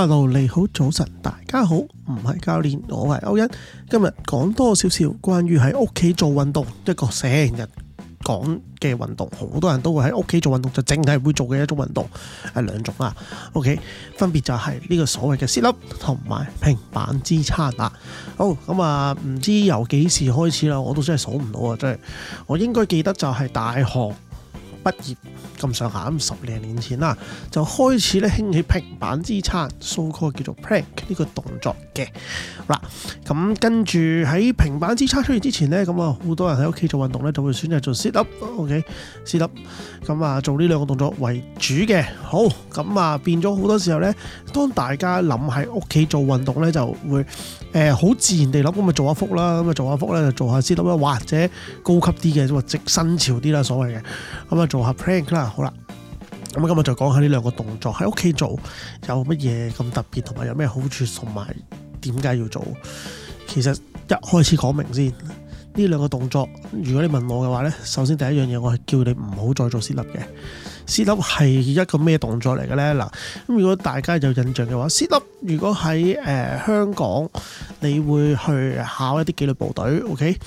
大家好，你好，早晨，大家好，唔係教練，我係歐欣，今日講多少少關於喺屋企做運動，一個成日講嘅運動，好多人都會喺屋企做運動，就整體會做嘅一種運動，係兩種啊，OK，分別就係呢個所謂嘅 sit up 同埋平板支撐啦。好，咁、嗯、啊，唔知由幾時開始啦，我都真係數唔到啊，真係，我應該記得就係大學。畢業咁上下咁十零年前啦，就開始咧興起平板支撐，so call 叫做 plank 呢個動作嘅嗱。咁跟住喺平板支撐出現之前咧，咁啊好多人喺屋企做運動咧，就會選擇做 sit up，ok，sit up，咁、okay, 啊做呢兩個動作為主嘅。好，咁啊變咗好多時候咧，當大家諗喺屋企做運動咧，就會誒好、呃、自然地諗咁啊做下腹啦，咁啊做下腹咧就做下 sit up 啦，或者高級啲嘅，即新潮啲啦，所謂嘅，咁啊做。做下 plank 啦，好啦，咁今日就講下呢兩個動作喺屋企做有乜嘢咁特別，同埋有咩好處，同埋點解要做？其實一開始講明先，呢兩個動作，如果你問我嘅話呢，首先第一樣嘢，我係叫你唔好再做 sit up 嘅。sit up 係一個咩動作嚟嘅呢？嗱，咁如果大家有印象嘅話，sit up 如果喺誒、呃、香港，你會去考一啲紀律部隊，OK？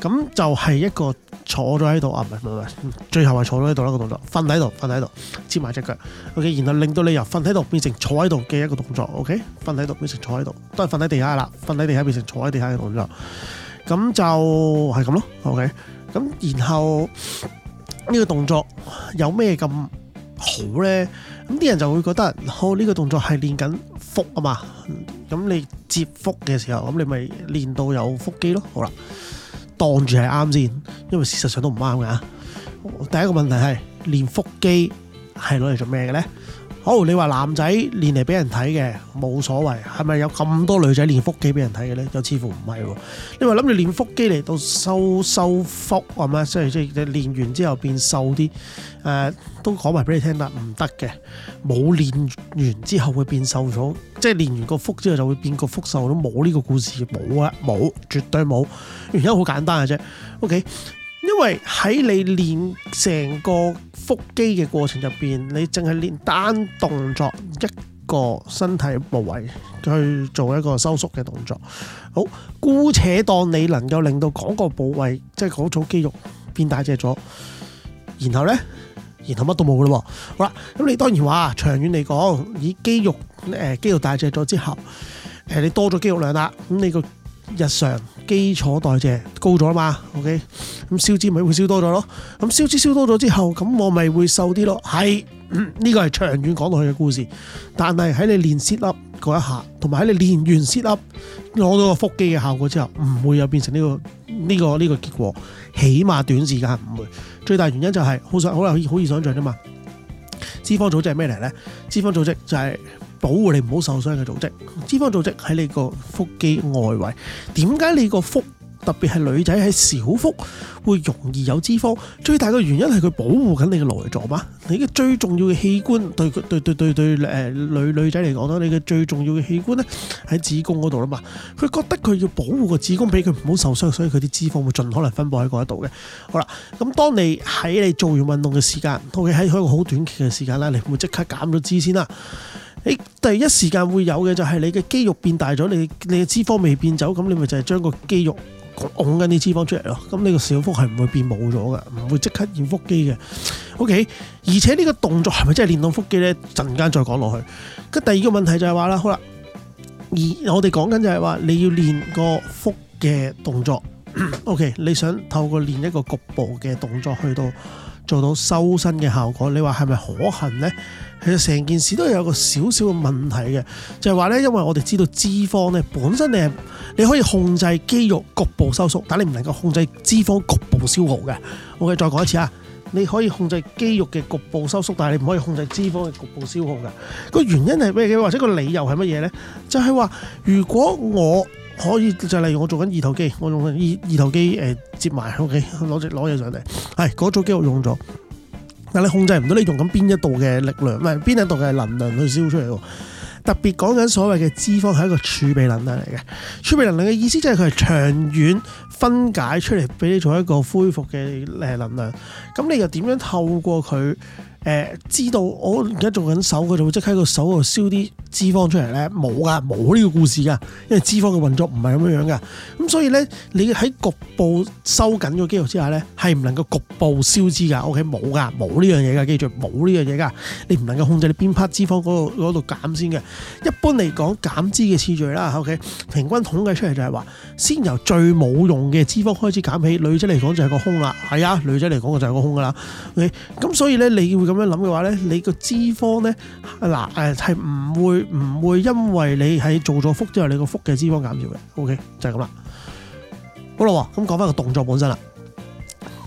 咁就係一個坐咗喺度啊，唔係唔係，最後係坐咗喺度啦。個動作瞓喺度，瞓喺度，折埋隻腳。OK，然後令到你由瞓喺度變成坐喺度嘅一個動作。OK，瞓喺度變成坐喺度，都係瞓喺地下啦。瞓喺地下變成坐喺地下嘅動作，咁就係咁咯。OK，咁然後呢個動作有咩咁好咧？咁啲人就會覺得，哦，呢個動作係練緊腹啊嘛。咁你接腹嘅時候，咁你咪練到有腹肌咯。好啦。當住係啱先，因為事實上都唔啱㗎。第一個問題係，練腹肌係攞嚟做咩嘅咧？好，你話男仔練嚟俾人睇嘅冇所謂，係咪有咁多女仔練腹肌俾人睇嘅咧？又似乎唔係喎。你話諗住練腹肌嚟到收收腹係咪？即係即係練完之後變瘦啲、呃、都講埋俾你聽啦，唔得嘅，冇練完之後會變瘦咗，即係練完個腹之後就會變個腹瘦咗，冇呢個故事冇啊，冇，絕對冇，原因好簡單嘅啫。O K。因為喺你練成個腹肌嘅過程入邊，你淨係練單動作一個身體部位去做一個收縮嘅動作。好，姑且當你能夠令到嗰個部位即係嗰組肌肉變大隻咗，然後呢，然後乜都冇噶。好啦，咁你當然話，長遠嚟講，以肌肉誒、呃、肌肉大隻咗之後，呃、你多咗肌肉量啦，咁你個。日常基礎代謝高咗啊嘛，OK，咁燒脂咪會燒多咗咯，咁燒脂燒多咗之後，咁我咪會瘦啲咯。係呢、嗯這個係長遠講落去嘅故事，但係喺你練 sit up 嗰一下，同埋喺你練完 sit up 攞到個腹肌嘅效果之後，唔會有變成呢、這個呢、這個呢、這個結果。起碼短時間唔會。最大原因就係好想好難好易想象啫嘛。脂肪組織係咩嚟咧？脂肪組織就係、是。保護你唔好受傷嘅組織，脂肪組織喺你個腹肌外圍。點解你個腹特別係女仔喺小腹會容易有脂肪？最大嘅原因係佢保護緊你嘅內臟嘛。你嘅最重要嘅器官對對對對、呃、女女仔嚟講你嘅最重要嘅器官咧喺子宮嗰度啦嘛。佢覺得佢要保護個子宮，俾佢唔好受傷，所以佢啲脂肪會盡可能分布喺嗰一度嘅。好啦，咁當你喺你做完運動嘅時間，我哋喺一個好短期嘅時間啦，你會即刻減咗脂先啦。誒，第一時間會有嘅就係你嘅肌肉變大咗，你你嘅脂肪未變走，咁你咪就係將個肌肉拱緊啲脂肪出嚟咯。咁你個小腹係唔會變冇咗嘅，唔會即刻練腹肌嘅。OK，而且呢個動作係咪真係練到腹肌呢？陣間再講落去。咁第二個問題就係話啦，好啦，而我哋講緊就係話你要練個腹嘅動作。 O.K. 你想透過練一個局部嘅動作去到做到修身嘅效果，你話係咪可行呢？其實成件事都有個少少嘅問題嘅，就係話呢，因為我哋知道脂肪呢，本身你係可以控制肌肉局部收縮，但你唔能夠控制脂肪局部消耗嘅。Ok，再講一次啊，你可以控制肌肉嘅局部收縮，但係你唔可以控制脂肪嘅局部消耗嘅。個原因係咩嘅？或者個理由係乜嘢呢？就係話如果我可以就例如我做緊二頭肌，我用二二頭肌誒、呃、接埋 ok 攞只攞嘢上嚟，係嗰組肌我用咗，但你控制唔到你用緊邊一度嘅力量，唔係邊一度嘅能量去燒出嚟。特別講緊所謂嘅脂肪係一個儲備能量嚟嘅，儲備能量嘅意思即係佢係長遠分解出嚟俾你做一個恢復嘅誒能量。咁你又點樣透過佢？誒知道我而家做緊手嗰度，佢就會即刻喺個手度燒啲脂肪出嚟咧，冇噶，冇呢個故事噶，因為脂肪嘅運作唔係咁樣樣噶。咁所以咧，你喺局部收緊個肌肉之下咧，係唔能夠局部燒脂噶。O.K. 冇噶，冇呢樣嘢噶，記住冇呢樣嘢噶，你唔能夠控制你邊 part 脂肪嗰度度減先嘅。一般嚟講減脂嘅次序啦，O.K. 平均統計出嚟就係話，先由最冇用嘅脂肪開始減起。女仔嚟講就係個胸啦，係啊，女仔嚟講就係個胸噶啦。OK，咁所以咧，你會。咁樣諗嘅話咧，你個脂肪咧嗱誒係唔會唔會，會因為你喺做咗腹之後，你個腹嘅脂肪減少嘅。OK 就係咁啦。好啦，咁講翻個動作本身啦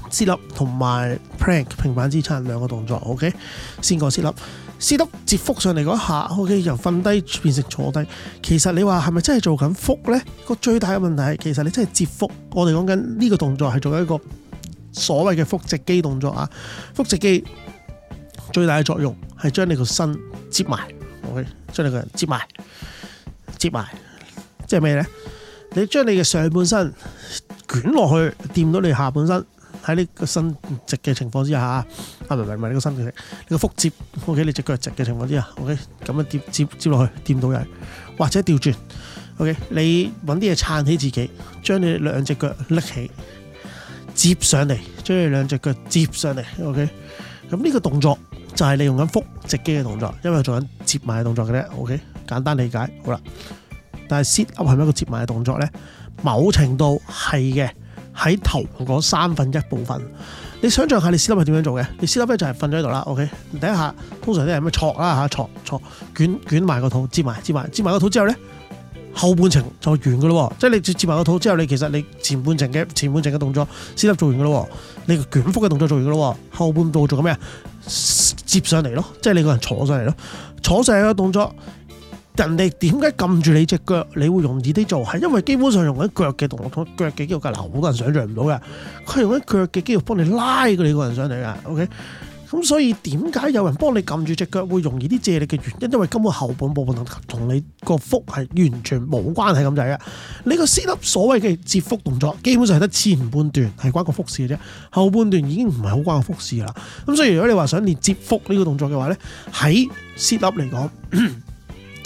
sit up 同埋 plank 平板支撐兩個動作。OK 先講 sit up。sit up 接腹上嚟嗰一下，OK 由瞓低變成坐低。其實你話係咪真係做緊腹咧？個最大嘅問題係，其實你真係接腹。我哋講緊呢個動作係做緊一個所謂嘅腹直肌動作啊，腹直肌。最大嘅作用係將你個身接埋，O K，將你個人接埋，接埋，即係咩咧？你將你嘅上半身捲落去，掂到你下半身喺你個身直嘅情況之下，啊，唔係唔係你個身直，你個腹接，O K，你隻腳直嘅情況之下，O K，咁樣掂接接落去，掂到人，或者調轉，O K，你揾啲嘢撐起自己，將你兩隻腳拎起，接上嚟，將你兩隻腳接上嚟，O K，咁呢個動作。就係、是、利用緊腹直肌嘅動作，因為做緊摺埋嘅動作嘅啫，OK，簡單理解好啦。但係 sit up 係咪一個摺埋嘅動作咧？某程度係嘅，喺頭嗰三分一部分。你想象下你 sit up 係點樣做嘅？你 sit up 咧就係瞓咗喺度啦，OK。第一下，通常啲人咩坐啦吓，坐坐捲捲埋個肚，摺埋摺埋摺埋個肚之後咧。後半程就完噶咯，即係你接接埋個肚之後，你其實你前半程嘅前半程嘅動作先粒做完噶咯，你捲腹嘅動作做完噶咯，後半部做緊咩啊？接上嚟咯，即係你個人坐上嚟咯，坐上嚟嘅動作，人哋點解撳住你隻腳？你會容易啲做，係因為基本上用緊腳嘅動作，腳嘅肌肉架，嗱好多人想象唔到嘅，佢用緊腳嘅肌肉幫你拉過你個人上嚟噶，OK。咁所以點解有人幫你撳住隻腳會容易啲借力嘅原因，因為根本後半部分同你個腹係完全冇關係咁滯嘅，你個 sit up 所謂嘅接腹動作，基本上係得前半段係關個腹事嘅啫，後半段已經唔係好關個腹事啦。咁所以如果你話想練接腹呢個動作嘅話咧，喺 sit up 嚟講，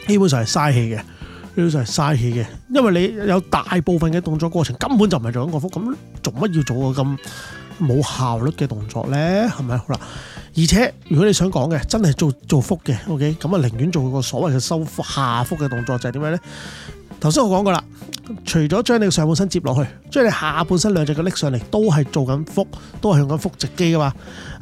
基本上係嘥氣嘅，基本上係嘥氣嘅，因為你有大部分嘅動作過程根本就唔係做緊個腹，咁做乜要做個咁冇效率嘅動作咧？係咪？好啦。而且如果你想講嘅真係做做腹嘅，OK，咁啊，寧願做個所謂嘅收腹下腹嘅動作就，就係點樣咧？頭先我講過啦。除咗將你嘅上半身接落去，將你下半身兩隻腳拎上嚟，都係做緊腹，都係用緊腹直肌噶嘛，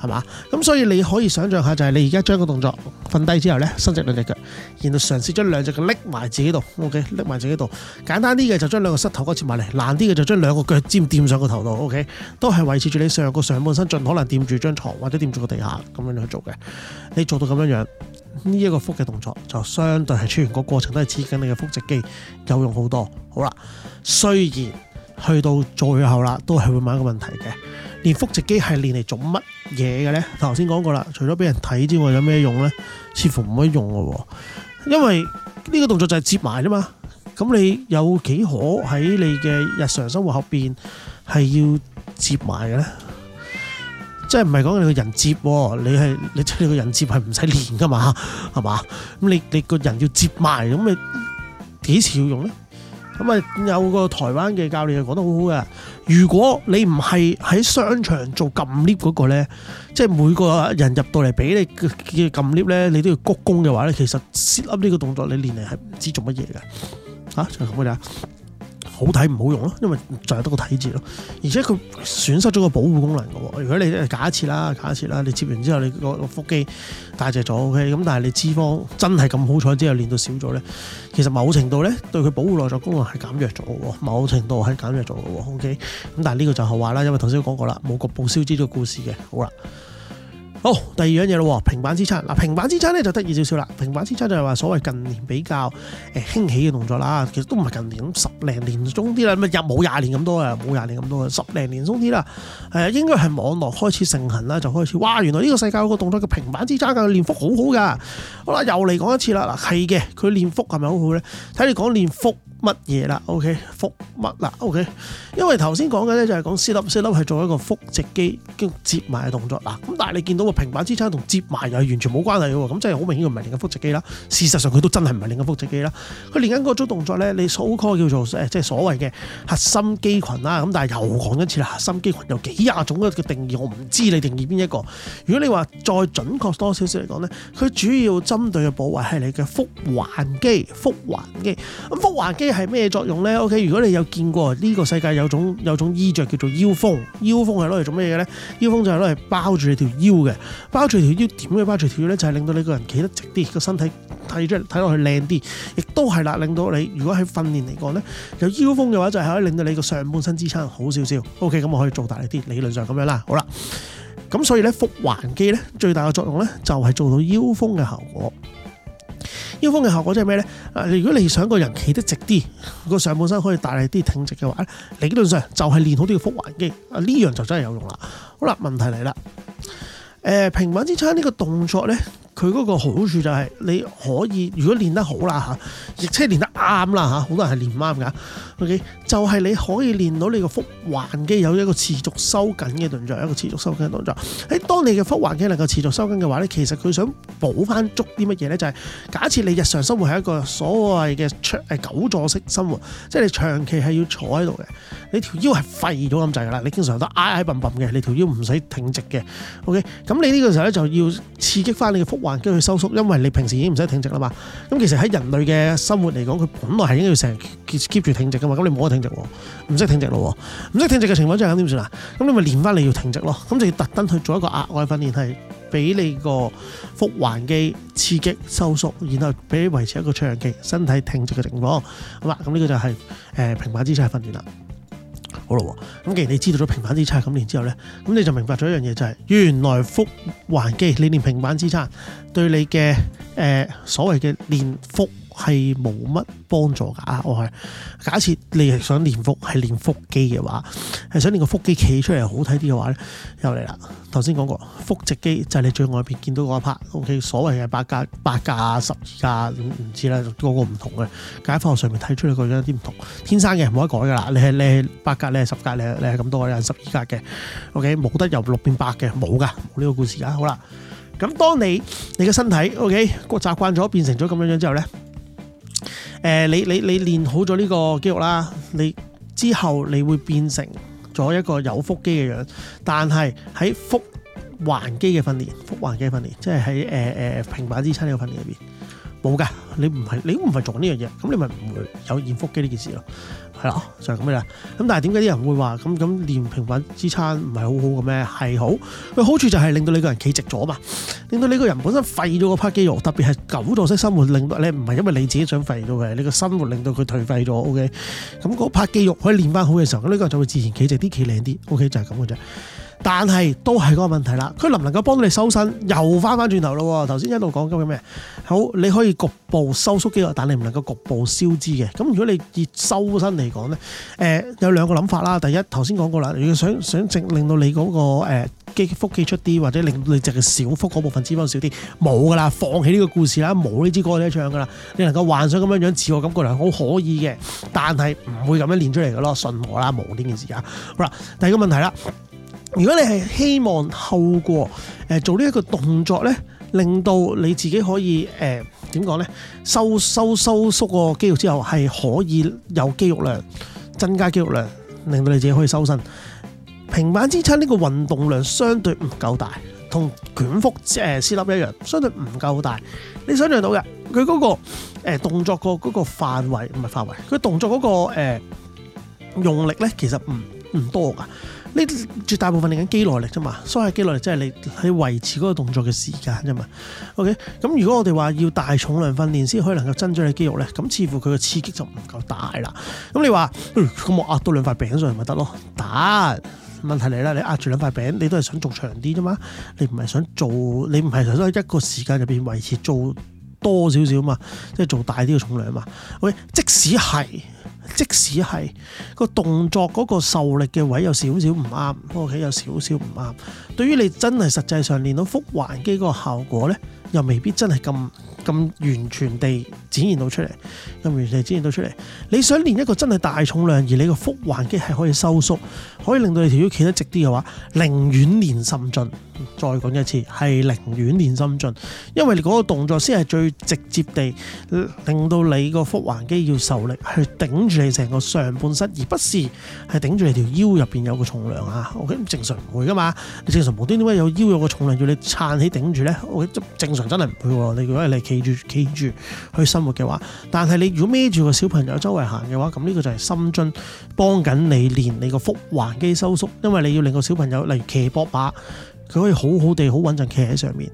係嘛？咁所以你可以想象一下，就係你而家將個動作瞓低之後咧，伸直兩隻腳，然後嘗試將兩隻腳拎埋自己度，OK，拎埋自己度。簡單啲嘅就將兩個膝頭哥接埋嚟，難啲嘅就將兩個腳尖掂上個頭度，OK，都係維持住你上個上半身盡可能掂住張床，或者掂住個地下咁樣去做嘅。你做到咁樣樣。呢、一個腹嘅動作就相對係，全個過程都係刺激你嘅腹直肌有用好多。好啦，雖然去到最後啦，都係會問一個問題嘅。連腹直肌係練嚟做乜嘢嘅呢？頭先講過啦，除咗俾人睇之外，有咩用呢？似乎冇乜用嘅喎。因為呢個動作就係接埋啫嘛。咁你有幾可喺你嘅日常生活後邊係要接埋嘅呢？即係唔係講你個人接？你係你出你個人接係唔使練噶嘛？係嘛？咁你你個人要接埋，咁你幾時要用咧？咁啊有個台灣嘅教練就講得好好嘅。如果你唔係喺商場做撳 lift 嗰個咧，即係每個人入到嚟俾你嘅撳 lift 咧，你都要鞠躬嘅話咧，其實 sit up 呢個動作你練嚟係唔知做乜嘢嘅。吓、啊，就咁樣啊。好睇唔好用咯，因為就係得個睇字咯，而且佢損失咗個保護功能嘅。如果你假設啦，假設啦，你接完之後你個腹肌大隻咗 OK，咁但係你脂肪真係咁好彩之後練到少咗咧，其實某程度咧對佢保護內在功能係減弱咗嘅，某程度係減弱咗嘅 OK。咁但係呢個就係後話啦，因為頭先都講過啦，冇局部消脂呢個故事嘅，好啦。好，第二樣嘢咯喎，平板支撐嗱，平板支撐咧就得意少少啦，平板支撐就係話所謂近年比較誒、呃、興起嘅動作啦，其實都唔係近年咁十零年中啲啦，咪入冇廿年咁多呀？冇廿年咁多呀，十零年中啲啦，誒、呃、應該係網絡開始盛行啦，就開始，哇，原來呢個世界有個動作叫平板支撐噶，佢練腹好好噶，好啦，又嚟講一次啦，嗱係嘅，佢練腹係咪好好咧？睇你講練腹。乜嘢啦？OK，腹乜啦？OK，因為頭先講嘅咧就係講 Sit up Sit up 係做一個腹直肌跟接埋嘅動作啦，咁但係你見到個平板支撐同接埋又係完全冇關係嘅喎。咁即係好明顯唔係練緊腹直肌啦。事實上佢都真係唔係練緊腹直肌啦。佢練緊嗰種動作咧，你所謂叫做即係所謂嘅核心肌群啦。咁但係又講一次啦，核心肌群有幾廿種嘅定義，我唔知你定義邊一個。如果你話再準確多少少嚟講咧，佢主要針對嘅部位係你嘅腹橫肌、腹橫肌咁腹橫肌。係咩作用呢？OK，如果你有見過呢個世界有種有種衣着叫做腰封，腰封係攞嚟做咩嘢呢？腰封就係攞嚟包住你條腰嘅，包住條腰點嘅包住條腰呢？就係令到你個人企得直啲，個身體睇出睇落去靚啲，亦都係啦，令到你如果喺訓練嚟講呢，有腰封嘅話就係可以令到你個上半身支撐好少少。OK，咁我可以做大力啲，理論上咁樣啦。好啦，咁所以呢，腹橫肌呢，最大嘅作用呢，就係做到腰封嘅效果。腰封嘅效果即係咩呢？如果你想個人企得直啲，個上半身可以大力啲挺直嘅話咧，理論上就係練好啲腹橫肌，啊呢樣就真係有用啦。好啦，問題嚟啦，呃，平板支撐呢個動作呢，佢嗰個好處就係你可以如果練得好啦吓，亦即係練得。啱啦嚇，好多人係練唔啱㗎。OK，就係你可以練到你個腹橫肌有一個持續收緊嘅動作，一個持續收緊嘅動作。喺當你嘅腹橫肌能夠持續收緊嘅話咧，其實佢想補翻足啲乜嘢咧？就係假設你日常生活係一個所謂嘅桌誒久坐式生活，即係你長期係要坐喺度嘅，你條腰係廢咗咁滯㗎啦。你經常都挨挨揼揼嘅，你條腰唔使挺直嘅。OK，咁你呢個時候咧就要刺激翻你嘅腹橫肌去收縮，因為你平時已經唔使挺直啦嘛。咁其實喺人類嘅生活嚟講，佢本來係應該要成日 keep 住挺直㗎嘛，咁你冇得挺直喎，唔識挺直咯，唔識挺直嘅情況之下咁點算啊？咁你咪練翻你要挺直咯，咁就要特登去做一個額外嘅訓練，係俾你個腹橫肌刺激收縮，然後俾你維持一個長期身體挺直嘅情況。好啦，咁呢個就係、是、誒、呃、平板支撐嘅訓練啦。好啦，咁既然你知道咗平板支撐，咁然之後咧，咁你就明白咗一樣嘢就係、是、原來腹橫肌你練平板支撐對你嘅誒、呃、所謂嘅練腹。係冇乜幫助㗎。我係假設你係想練腹，係練腹肌嘅話，係想練個腹肌企出嚟好睇啲嘅話咧，又嚟啦。頭先講過，腹直肌就係你最外邊見到嗰一 part。O.K. 所謂嘅八格、八格、十二格唔知啦，個個唔同嘅。喺科學上面睇出嚟，佢有啲唔同，天生嘅唔可以改㗎啦。你係你係八格，你係十格，你係你係咁多，你係十二格嘅。O.K. 冇得由六變八嘅，冇㗎，冇呢個故事啊。好啦，咁當你你嘅身體 O.K. 個習慣咗，變成咗咁樣樣之後咧。誒、呃，你你你練好咗呢個肌肉啦，你之後你會變成咗一個有腹肌嘅樣子，但係喺腹橫肌嘅訓練，腹橫肌嘅訓練，即係喺誒誒平板支撐呢個訓練入邊冇噶，你唔係你唔係做呢樣嘢，咁你咪唔會有現腹肌呢件事咯。係啦，就係咁嘅啦。咁但係點解啲人會話咁咁練平板支撐唔係好好嘅咩？係好，佢好處就係令到你個人企直咗啊嘛，令到你個人本身廢咗個 part 肌肉，特別係久坐式生活令到你唔係因為你自己想廢到嘅，你個生活令到佢頹廢咗。OK，咁嗰 part 肌肉可以練翻好嘅時候，咁、那、呢個人就會自然企直啲、企靚啲。OK，就係咁嘅啫。但係都係嗰個問題啦，佢能唔能夠幫到你收身？又翻翻轉頭咯，頭先一路講緊嘅咩？好，你可以局部收縮肌肉，但你唔能夠局部消脂嘅。咁如果你以收身嚟講咧，誒有兩個諗法啦。第一，頭先講過啦，如果想想令令到你嗰個誒肌腹肌出啲，或者令令只小腹嗰部分脂肪少啲，冇噶啦，放棄呢個故事啦，冇呢支歌你唱噶啦。你能夠幻想咁樣樣自我感覺係好可以嘅，但係唔會咁樣練出嚟噶咯，信我啦，冇呢件事噶。好啦，第二個問題啦。如果你係希望透過誒做呢一個動作咧，令到你自己可以誒，點講咧，收收收縮個肌肉之後，係可以有肌肉量，增加肌肉量，令到你自己可以收身。平板支撐呢個運動量相對唔夠大，同捲腹誒 sit up 一樣，相對唔夠大。你想象到嘅，佢嗰個誒動作個嗰個範圍唔係範圍，佢動作嗰個誒用力咧，其實唔唔多噶。呢啲絕大部分嚟緊肌耐力啫嘛，所謂肌耐力即係你喺維持嗰個動作嘅時間啫嘛。OK，咁如果我哋話要大重量訓練先可以能夠增長你肌肉咧，咁似乎佢嘅刺激就唔夠大啦。咁你話，咁我壓到兩塊餅上咪得咯？但，問題嚟啦，你壓住兩塊餅，你都係想做長啲啫嘛？你唔係想做？你唔係想喺一個時間入邊維持做多少少嘛？即係做大啲嘅重量嘛？OK，即使係。即使係個動作個受力嘅位有少少唔啱，OK 有少少唔啱。對於你真係實際上練到腹橫肌個效果咧，又未必真係咁咁完全地展現到出嚟，咁完全地展現到出嚟。你想練一個真係大重量，而你個腹橫肌係可以收縮，可以令到你條腰企得直啲嘅話，寧願練深蹲。再講一次，係寧願練深蹲，因為你個動作先係最直接地令到你個腹橫肌要受力去頂住。你成個上半身，而不是係頂住你條腰入邊有個重量啊。我諗正常唔會噶嘛，你正常無端端有腰有個重量要你撐起頂住咧，我諗正常真係唔會的。你如果你企住企住去生活嘅話，但係你如果孭住個小朋友周圍行嘅話，咁呢個就係深蹲幫緊你練你個腹橫肌收縮，因為你要令個小朋友例如騎膊把，佢可以好好地好穩陣騎喺上面。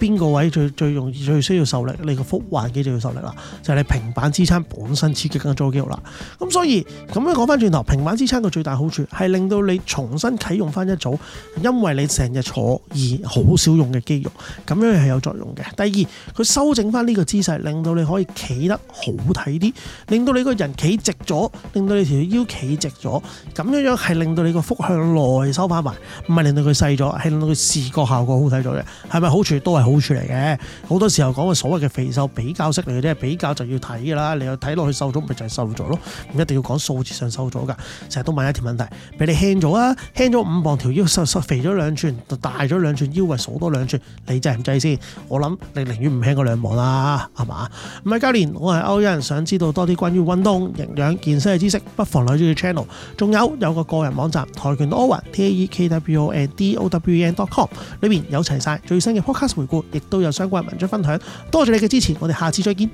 邊個位最最容易最需要受力？你個腹橫肌就要受力啦，就係、是、你平板支撐本身刺激緊組肌肉啦。咁所以咁樣講翻轉頭，平板支撐個最大好處係令到你重新啟用翻一組，因為你成日坐而好少用嘅肌肉，咁樣係有作用嘅。第二，佢修整翻呢個姿勢，令到你可以企得好睇啲，令到你個人企直咗，令到你條腰企直咗，咁樣樣係令到你個腹向內收翻埋，唔係令到佢細咗，係令到佢視覺效果好睇咗啫。係咪好處都係好處嚟嘅，好多時候講嘅所謂嘅肥瘦比較式嚟嘅啫，比較就要睇噶啦，你又睇落去瘦咗咪就係瘦咗咯，唔一定要講數字上瘦咗噶。成日都問一條問題，俾你輕咗啊，輕咗五磅，條腰瘦瘦肥咗兩寸，就大咗兩寸，腰圍數多兩寸，你制唔制先？我諗你寧願唔輕嗰兩磅啦，係嘛？唔係教練，我係歐恩，想知道多啲關於運動、營養、健身嘅知識，不妨留意住個 channel，仲有有個個人網站跆拳歐恩，taekwondowen.com，d 裏面有齊晒最新嘅 podcast 回顧。亦都有相關文章分享，多謝你嘅支持，我哋下次再見。